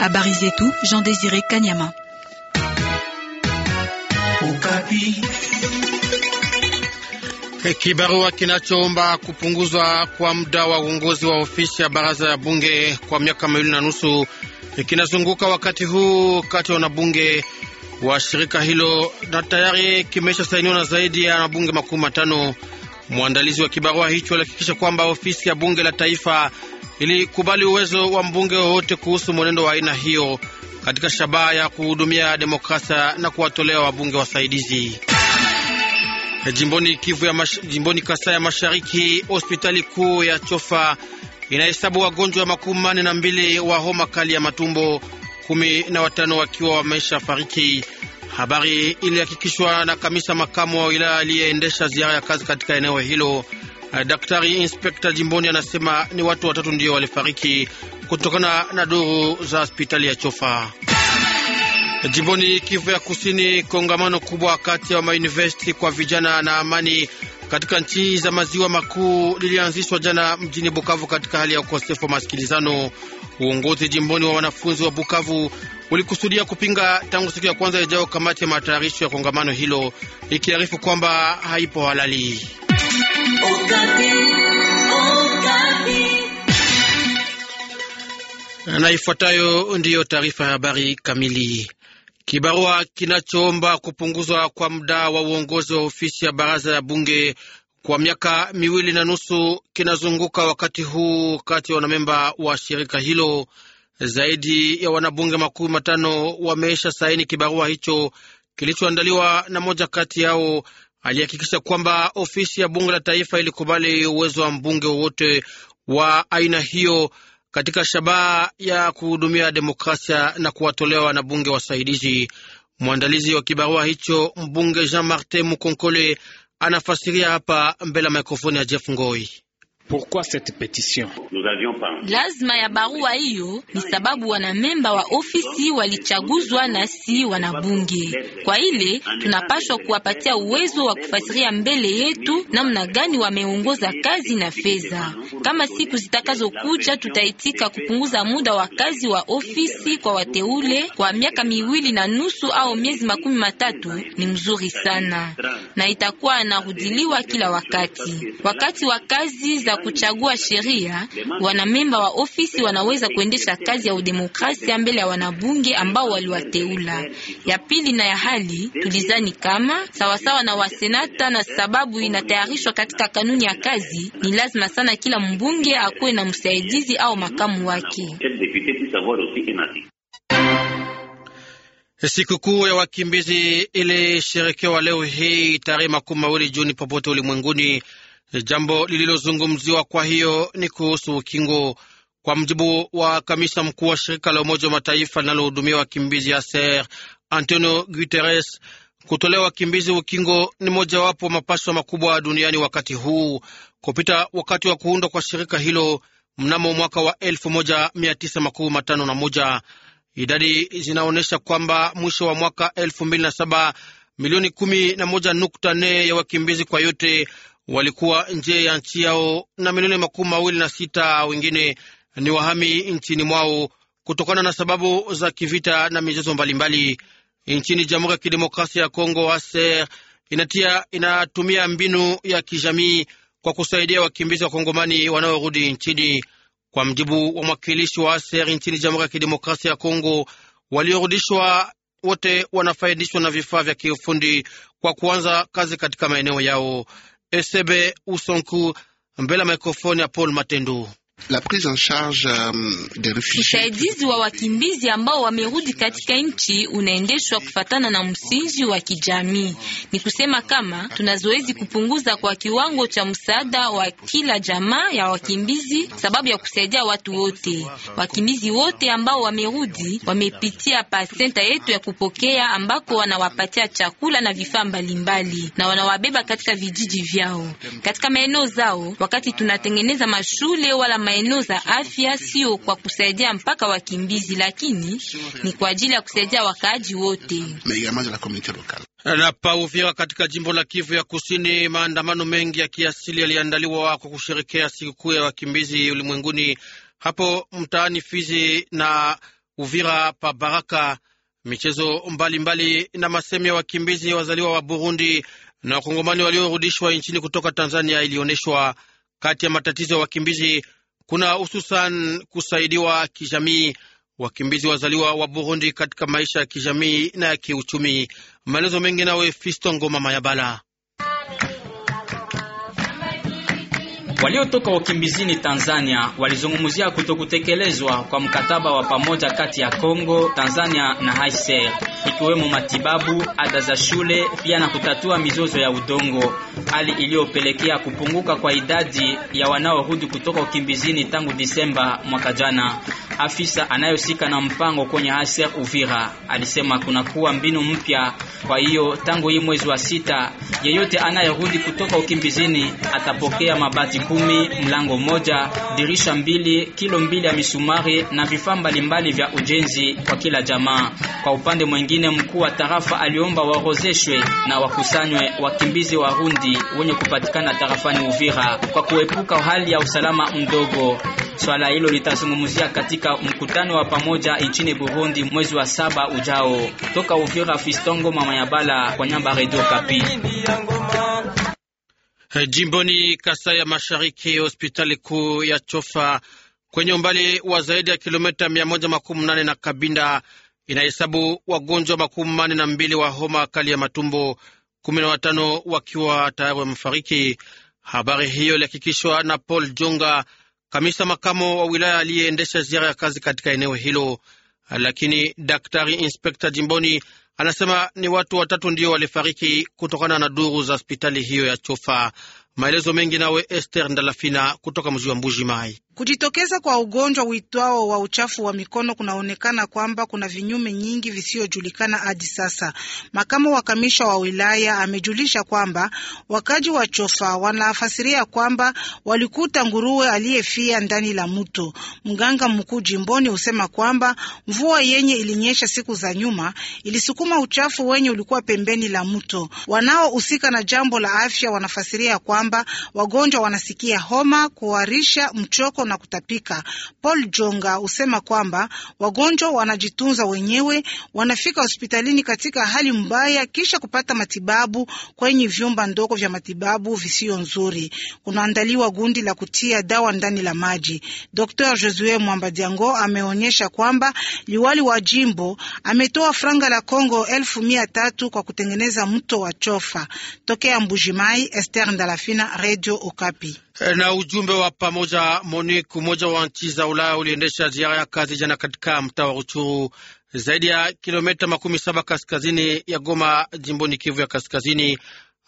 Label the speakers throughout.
Speaker 1: Habari tout, Jean Désiré Kanyama.
Speaker 2: Okapi. Kibarua kinachoomba kupunguzwa kwa muda wa uongozi wa ofisi ya baraza ya bunge kwa miaka miwili na nusu kinazunguka wakati huu kati ya wanabunge wa shirika hilo na tayari kimesha sainiwa na zaidi ya wanabunge makumi matano Mwandalizi wa kibarua hicho alihakikisha kwamba ofisi ya bunge la taifa ilikubali uwezo wa mbunge wowote kuhusu mwenendo wa aina hiyo katika shabaha ya kuhudumia demokrasia na kuwatolea wabunge wasaidizi. Jimboni Kivu ya mash... jimboni Kasai ya Mashariki, hospitali kuu ya Chofa inahesabu wagonjwa makumi manne na mbili wa homa kali ya matumbo, kumi na watano wakiwa wameisha fariki. Habari ilihakikishwa na kamisa makamu wa wilaya aliyeendesha ziara ya kazi katika eneo hilo. Daktari inspekta jimboni anasema ni watu watatu ndio walifariki kutokana na duru za hospitali ya Chofa jimboni Kivu ya Kusini. Kongamano kubwa kati ya mauniversiti kwa vijana na amani katika nchi za maziwa makuu lilianzishwa jana mjini Bukavu katika hali ya ukosefu wa masikilizano. Uongozi jimboni wa wanafunzi wa Bukavu ulikusudia kupinga tangu siku ya kwanza ijao kamati ya matayarisho ya kongamano hilo ikiarifu kwamba haipo halali. Na ifuatayo ndiyo taarifa ya habari kamili. Kibarua kinachoomba kupunguzwa kwa muda wa uongozi wa ofisi ya baraza ya bunge kwa miaka miwili na nusu kinazunguka wakati huu kati ya wanamemba wa shirika hilo. Zaidi ya wanabunge makumi matano wameisha saini kibarua hicho kilichoandaliwa na moja kati yao alihakikisha kwamba ofisi ya bunge la taifa ilikubali uwezo wa mbunge wowote wa aina hiyo katika shabaha ya kuhudumia demokrasia na kuwatolewa wanabunge wasaidizi. Mwandalizi wa kibarua hicho mbunge Jean Martin Mukonkole anafasiria hapa mbele ya mikrofoni ya Jeff Ngoi. Pourquoi cette pétition?
Speaker 1: Lazima ya barua hiyo ni sababu wanamemba wa ofisi walichaguzwa na si wanabunge. Kwa ile tunapaswa kuwapatia uwezo wa kufasiria mbele yetu namna gani wameongoza kazi na fedha. Kama siku zitakazokuja, tutaitika kupunguza muda wa kazi wa ofisi kwa wateule kwa miaka miwili na nusu au miezi makumi matatu. Ni mzuri sana na itakuwa anarudiliwa kila wakati wakati wa kazi za kuchagua sheria, wanamemba wa ofisi wanaweza kuendesha kazi ya udemokrasia mbele ya wanabunge ambao waliwateula. Ya pili na ya hali tulizani kama sawasawa na wasenata, na sababu inatayarishwa katika kanuni ya kazi, ni lazima sana kila mbunge akuwe na msaidizi au makamu wake.
Speaker 2: Sikukuu ya wakimbizi ilisherekewa leo hii tarehe makumi mawili Juni popote ulimwenguni Jambo lililozungumziwa kwa hiyo ni kuhusu ukingo. Kwa mjibu wa kamisa mkuu wa shirika la Umoja wa Mataifa linalohudumia wakimbizi ser Antonio Guterres, kutolewa wakimbizi ukingo ni mojawapo mapaswa makubwa duniani wakati huu kupita wakati wa kuundwa kwa shirika hilo mnamo mwaka wa 1951 idadi zinaonyesha kwamba mwisho wa mwaka 2007 milioni 11.4 ya wakimbizi kwa yote walikuwa nje ya nchi yao na milioni makumi mawili na sita wengine ni wahami nchini mwao kutokana na sababu za kivita na mizozo mbalimbali nchini Jamhuri ya Kidemokrasia ya Kongo. ASER inatia inatumia mbinu ya kijamii kwa kusaidia wakimbizi wa Kongomani wanaorudi nchini. Kwa mjibu wa mwakilishi wa ASER nchini Jamhuri ya Kidemokrasia ya Kongo, waliorudishwa wote wanafaidishwa na vifaa vya kiufundi kwa kuanza kazi katika maeneo yao. Esebe Usonku mbele ya mikrofoni ya Paul Matendu la prise en charge um, des refugiés.
Speaker 1: Usaidizi wa wakimbizi ambao wamerudi katika nchi unaendeshwa kufatana na msingi wa kijamii. Ni kusema kama tuna zoezi kupunguza kwa kiwango cha msaada wa kila jamaa ya wakimbizi, sababu ya kusaidia watu wote. Wakimbizi wote ambao wamerudi wamepitia pasenta yetu ya kupokea, ambako wanawapatia chakula na vifaa mbalimbali na wanawabeba katika vijiji vyao, katika maeneo zao, wakati tunatengeneza mashule wala maeneo za afya, sio kwa kusaidia mpaka wakimbizi, lakini ni kwa ajili ya kusaidia wakaaji wote
Speaker 2: na pa Uvira katika jimbo la Kivu ya Kusini, maandamano mengi ya kiasili yaliandaliwa kwa kusherekea sikukuu ya wakimbizi ulimwenguni hapo mtaani Fizi na Uvira pa Baraka. Michezo mbalimbali mbali na masemi ya wakimbizi wazaliwa wa Burundi na wakongomani waliorudishwa nchini kutoka Tanzania ilionyeshwa kati ya matatizo ya wakimbizi kuna hususan kusaidiwa kijamii wakimbizi wazaliwa wa Burundi katika maisha ya kijamii na ya kiuchumi. Maelezo mengi nawe Fisto Ngoma Mayabala. Waliotoka wakimbizini
Speaker 3: Tanzania walizungumzia kutokutekelezwa kwa mkataba wa pamoja kati ya Kongo, Tanzania na haiser ikiwemo matibabu, ada za shule, pia na kutatua mizozo ya udongo, hali iliyopelekea kupunguka kwa idadi ya wanaorudi kutoka ukimbizini tangu Disemba mwaka jana. Afisa anayehusika na mpango kwenye Aser Uvira alisema kunakuwa mbinu mpya. Kwa hiyo tangu hii mwezi wa sita, yeyote anayerudi kutoka ukimbizini atapokea mabati kumi, mlango moja, dirisha mbili, kilo mbili ya misumari na vifaa mbalimbali vya ujenzi kwa kila jamaa. Kwa upande mwingine, mkuu wa tarafa aliomba waorozeshwe na wakusanywe wakimbizi Warundi wenye kupatikana tarafani Uvira kwa kuepuka hali ya usalama mdogo. Swala hilo litazungumzia katika katika mkutano wa pamoja nchini Burundi mwezi wa saba ujao. Toka Uvira, Fistongo mama ya Bala kwa nyamba Redio Kapi.
Speaker 2: Eh, jimboni Kasai ya Mashariki, hospitali kuu ya Chofa kwenye umbali wa zaidi ya kilomita mia moja makumi nane na Kabinda inahesabu wagonjwa makumi mane na mbili wa homa kali ya matumbo, kumi na watano wakiwa tayari wamefariki. Habari hiyo ilihakikishwa na Paul Jonga, kamisa makamo wa wilaya aliyeendesha ziara ya kazi katika eneo hilo. Lakini daktari inspekta jimboni anasema ni watu watatu ndio walifariki kutokana na duru za hospitali hiyo ya Chofa. Maelezo mengi nawe Esther Ndalafina kutoka mji wa Mbuji Mai.
Speaker 4: Kujitokeza kwa ugonjwa uitwao wa uchafu wa mikono kunaonekana kwamba kuna vinyume nyingi visiyojulikana hadi sasa. Makamu wa kamisha wa wilaya amejulisha kwamba wakaji wa Chofa wanafasiria kwamba walikuta nguruwe aliyefia ndani la mto. Mganga mkuu jimboni husema kwamba mvua yenye ilinyesha siku za nyuma ilisukuma uchafu wenye ulikuwa pembeni la mto. Wanaohusika na jambo la afya wanafasiria kwamba kwamba wagonjwa wanasikia homa, kuharisha, mchoko na kutapika. Paul Jonga husema kwamba wagonjwa wanajitunza wenyewe, wanafika hospitalini katika hali mbaya, kisha kupata matibabu kwenye vyumba ndogo vya matibabu visiyo nzuri. Kunaandaliwa gundi la kutia dawa ndani la maji. Dr Josue Mwamba Diango ameonyesha kwamba liwali wa jimbo ametoa franga la congo elfu mia tatu kwa kutengeneza mto wa Chofa tokea Mbujimai. Esther Ndalafi na Radio Okapi.
Speaker 2: Eh, na ujumbe wa pamoja MONUC, umoja wa nchi za Ulaya, uliendesha ziara ya kazi jana katika mtaa wa Ruchuru, zaidi ya kilomita makumi saba kaskazini ya Goma, jimboni Kivu ya Kaskazini,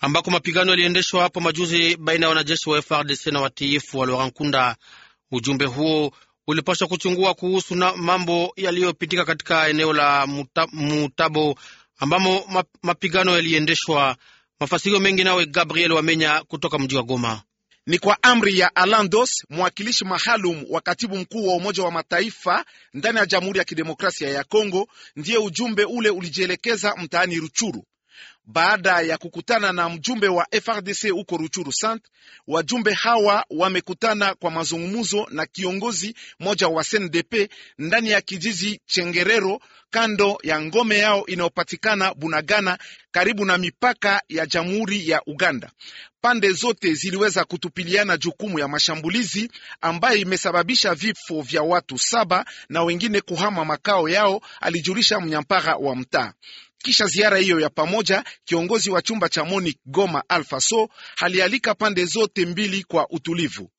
Speaker 2: ambako mapigano yaliendeshwa hapo majuzi baina ya wanajeshi wa FRDC na watiifu wa Laurent Nkunda. Ujumbe huo ulipashwa kuchungua kuhusu na mambo yaliyopitika katika eneo la muta, Mutabo ambamo mapigano yaliendeshwa. Mafasirio mengi nawe Gabriel Wamenya kutoka mji wa Goma. Ni kwa amri ya Alandos,
Speaker 5: mwakilishi maalum wa katibu mkuu wa Umoja wa Mataifa ndani ya Jamhuri ya Kidemokrasia ya Kongo, ndiye ujumbe ule ulijielekeza mtaani Ruchuru baada ya kukutana na mjumbe wa FRDC huko Ruchuru Sant. Wajumbe hawa wamekutana kwa mazungumzo na kiongozi mmoja wa SNDP ndani ya kijiji Chengerero kando ya ngome yao inayopatikana Bunagana karibu na mipaka ya Jamhuri ya Uganda. Pande zote ziliweza kutupiliana jukumu ya mashambulizi ambayo imesababisha vifo vya watu saba na wengine kuhama makao yao, alijulisha mnyampara wa mtaa. Kisha ziara hiyo ya pamoja, kiongozi wa chumba cha MONUC Goma Alpha So alialika pande zote mbili kwa utulivu.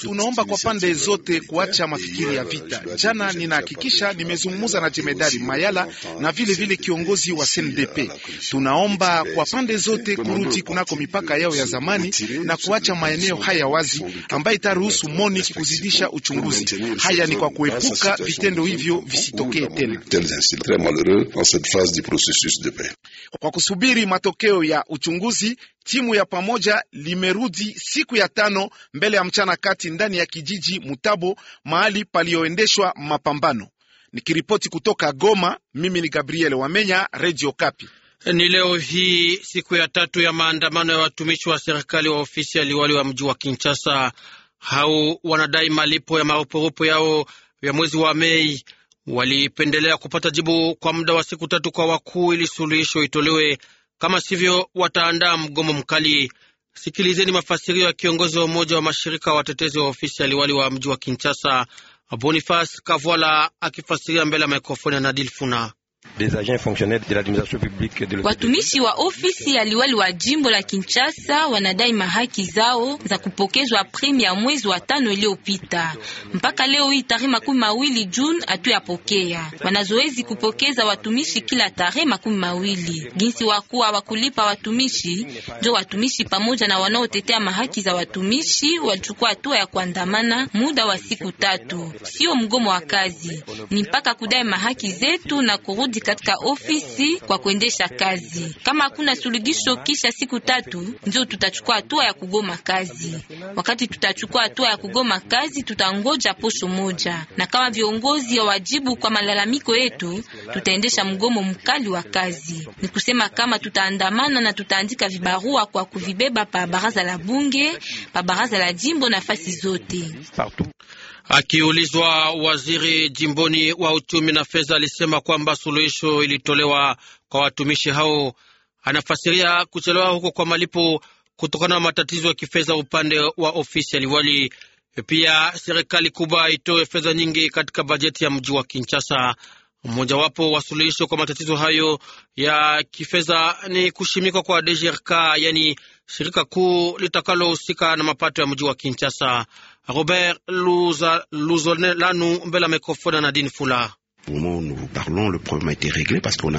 Speaker 5: Tunaomba kwa pande zote kuacha mafikiri ya vita. Jana ninahakikisha nimezungumza na jemedari Mayala na vile vile kiongozi wa CNDP. Tunaomba kwa pande zote kurudi kunako mipaka yao ya zamani na kuacha maeneo haya wazi ambayo itaruhusu MONUC kuzidisha uchunguzi. Haya ni kwa kuepuka vitendo hivyo visitokee tena. Kwa kusubiri matokeo ya uchunguzi, timu ya pamoja limerudi siku ya tano mbele ya mchana kati ndani ya kijiji Mutabo, mahali paliyoendeshwa mapambano. Nikiripoti kutoka Goma, mimi ni Gabriel Wamenya, Radio Kapi.
Speaker 2: Ni leo hii siku ya tatu ya maandamano ya watumishi wa serikali wa ofisi ya liwali wa mji wa Kinshasa. Hao wanadai malipo ya marupurupu yao ya mwezi wa Mei walipendelea kupata jibu kwa muda wa siku tatu kwa wakuu ili suluhisho itolewe, kama sivyo wataandaa mgomo mkali. Sikilizeni mafasirio ya kiongozi wa umoja wa mashirika wa watetezi wa ofisi ya liwali wa mji wa Kinshasa, bonifas Kavwala, akifasiria mbele ya mikrofoni ya Nadil Funa.
Speaker 1: Watumishi wa ofisi ya liwali wa jimbo la Kinshasa wanadai mahaki zao za kupokezwa premi ya mwezi wa tano iliyopita. Mpaka leo hii tarehe makumi mawili Juni hatuyapokea. Wanazoezi kupokeza watumishi kila tarehe makumi mawili. ginsi wakuwa wakulipa watumishi, ndio watumishi pamoja na wanaotetea mahaki za watumishi wachukua hatua ya kuandamana muda wa siku tatu. Sio mgomo wa kazi, ni mpaka kudai mahaki zetu na kurudi katika ofisi kwa kuendesha kazi. Kama hakuna suluhisho kisha siku tatu, ndio tutachukua hatua ya kugoma kazi. Wakati tutachukua hatua ya kugoma kazi, tutangoja posho moja, na kama viongozi wajibu kwa malalamiko yetu, tutaendesha mgomo mkali wa kazi. Ni kusema kama tutaandamana na tutaandika vibarua kwa kuvibeba pa baraza la bunge, pa baraza la jimbo, nafasi zote.
Speaker 2: Akiulizwa, waziri jimboni wa uchumi na fedha alisema kwamba suluhisho ilitolewa kwa watumishi hao. Anafasiria kuchelewa huko kwa malipo kutokana na matatizo ya kifedha upande wa ofisi ya liwali. Pia serikali kubwa itoe fedha nyingi katika bajeti ya mji wa Kinshasa. Mmojawapo wa suluhisho kwa matatizo hayo ya kifedha ni kushimikwa kwa DGRK, yani shirika kuu litakalohusika na mapato ya mji wa Kinshasa. Robert Luza, Luzolelanu mbele ya mikrofoni na Nadine Fula.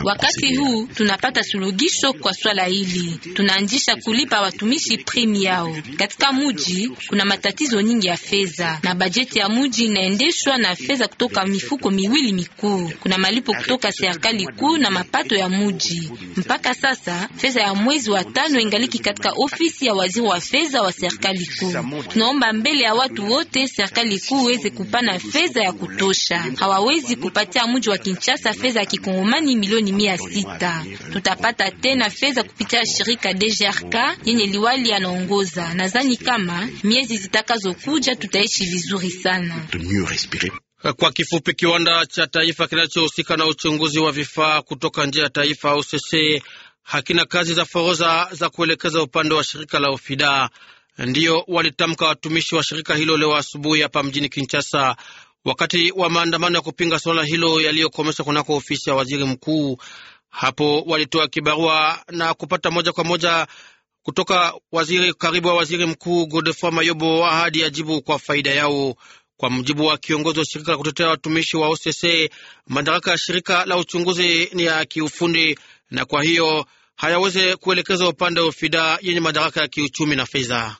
Speaker 1: Wakati huu tunapata suluhisho kwa swala hili, tunaanzisha kulipa watumishi primi yao. Katika muji kuna matatizo nyingi ya fedha, na bajeti ya muji inaendeshwa na fedha kutoka mifuko miwili mikuu. Kuna malipo kutoka serikali kuu na mapato ya muji. Mpaka sasa fedha ya mwezi wa tano ingaliki katika ofisi ya waziri wa fedha wa serikali kuu. Tunaomba mbele ya watu wote serikali kuu weze kupana fedha ya kutosha, hawawezi kupata kupatia mji wa Kinshasa fedha ya kikongomani milioni mia sita. Tutapata tena fedha kupitia shirika DGRK yenye liwali anaongoza. Nadhani kama miezi zitakazokuja tutaishi vizuri sana.
Speaker 2: Kwa kifupi, kiwanda cha taifa kinachohusika na uchunguzi wa vifaa kutoka nje ya taifa au sese hakina kazi za forodha za kuelekeza upande wa shirika la Ofida. Ndiyo walitamka watumishi wa shirika hilo leo asubuhi hapa mjini Kinshasa wakati wa maandamano ya kupinga suala hilo yaliyokomeshwa kunako ofisi ya waziri mkuu. Hapo walitoa kibarua na kupata moja kwa moja kutoka waziri karibu wa waziri mkuu Godefroid Mayobo ahadi ya jibu kwa faida yao. Kwa mujibu wa kiongozi wa shirika la kutetea watumishi wa OCC, madaraka ya shirika la uchunguzi ni ya kiufundi na kwa hiyo hayaweze kuelekezwa upande wa FIDA yenye madaraka ya kiuchumi na fedha.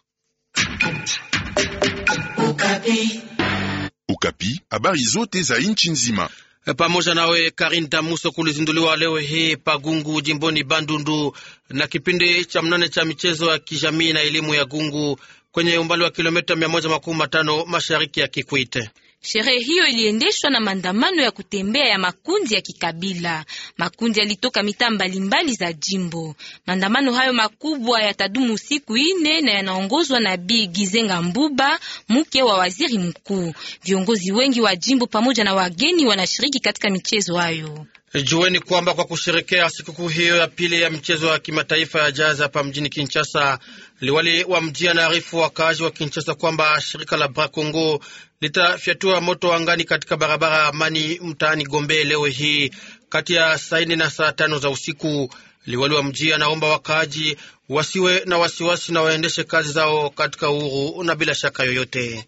Speaker 5: Okapi habari zote za
Speaker 2: nchi nzima pamoja nawe Karin Damuso kulizinduliwa leo hii Pagungu jimboni Bandundu na kipindi cha mnane cha michezo ya kijamii na elimu ya Gungu kwenye umbali wa kilomita mia moja makumi matano mashariki ya Kikwite.
Speaker 1: Sherehe hiyo iliendeshwa na maandamano ya kutembea ya makundi ya kikabila. Makundi yalitoka mitaa mbalimbali za jimbo. Maandamano hayo makubwa yatadumu siku ine na yanaongozwa na Bi Gizenga Mbuba, mke wa waziri mkuu. Viongozi wengi wa jimbo pamoja na wageni wanashiriki katika michezo hayo.
Speaker 2: Jueni kwamba kwa kusherekea sikukuu hiyo ya pili ya mchezo wa kimataifa ya jazi hapa mjini Kinshasa, liwali wa mji anaarifu wakaaji wa Kinshasa kwamba shirika la Bra Congo litafyatua moto angani katika barabara ya Amani mtaani Gombe leo hii kati ya saa nne na saa tano za usiku. Liwali wa mji anaomba wakaaji wasiwe na wasiwasi na waendeshe kazi zao katika uhuru na bila shaka yoyote.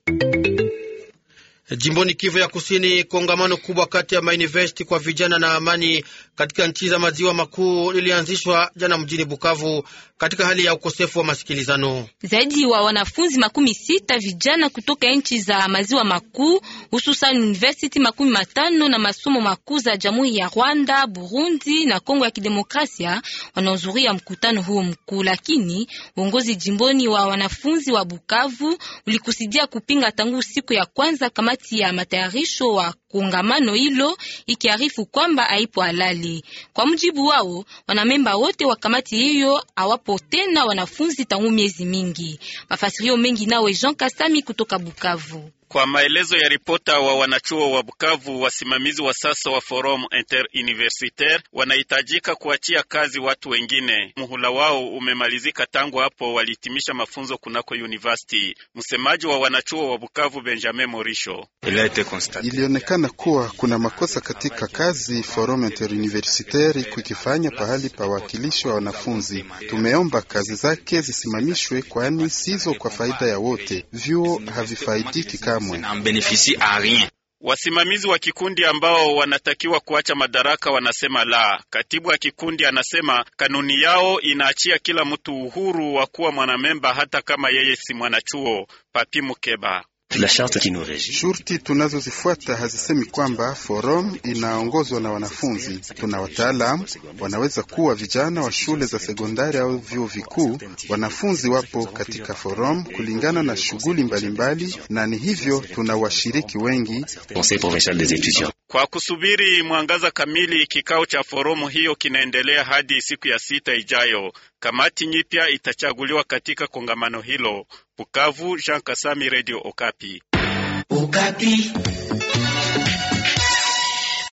Speaker 2: Jimboni Kivu ya Kusini, kongamano kubwa kati ya mauniversity kwa vijana na amani katika nchi za maziwa makuu lilianzishwa jana mjini Bukavu katika hali ya ukosefu wa masikilizano.
Speaker 1: Zaidi wa wanafunzi makumi sita vijana kutoka nchi za maziwa makuu hususan university makumi matano na masomo makuu za jamhuri ya Rwanda, Burundi na Kongo ya Kidemokrasia wanahudhuria mkutano huo mkuu, lakini uongozi jimboni wa wanafunzi wa Bukavu ulikusudia kupinga tangu siku ya kwanza kama kati ya matayarisho wa kongamano hilo, ikiarifu kwamba haipo halali. Kwa mujibu wao, wanamemba wote wa kamati hiyo hawapo tena wanafunzi tangu miezi mingi. Mafasirio mengi nawe Jean Kasami kutoka Bukavu.
Speaker 6: Kwa maelezo ya ripota wa wanachuo wa Bukavu, wasimamizi wa sasa wa Forum Interuniversitaire wanahitajika kuachia kazi watu wengine. Muhula wao umemalizika tangu hapo walihitimisha mafunzo kunako university. Msemaji wa wanachuo wa Bukavu, Benjamin Morisho:
Speaker 5: ilionekana kuwa kuna makosa katika kazi Forum Interuniversitaire kukifanya pahali pa wakilishi wa wanafunzi. Tumeomba kazi zake zisimamishwe, kwani sizo kwa faida ya wote. Vyuo havifaidiki kama
Speaker 6: kamwe. Wasimamizi wa kikundi ambao wanatakiwa kuacha madaraka wanasema la. Katibu wa kikundi anasema kanuni yao inaachia kila mtu uhuru wa kuwa mwanamemba hata kama yeye si mwanachuo. Papi Mukeba
Speaker 5: Shurti tunazozifuata hazisemi kwamba forum inaongozwa na wanafunzi. Tuna wataalamu wanaweza kuwa vijana wa shule za sekondari au vyuo vikuu. Wanafunzi wapo katika forum kulingana na shughuli mbalimbali, na ni hivyo tuna washiriki wengi.
Speaker 6: Kwa kusubiri mwangaza kamili, kikao cha forumu hiyo kinaendelea hadi siku ya sita ijayo. Kamati nyipya itachaguliwa katika kongamano hilo. Bukavu, Jean Kasami,
Speaker 3: Radio Okapi,
Speaker 4: Okapi.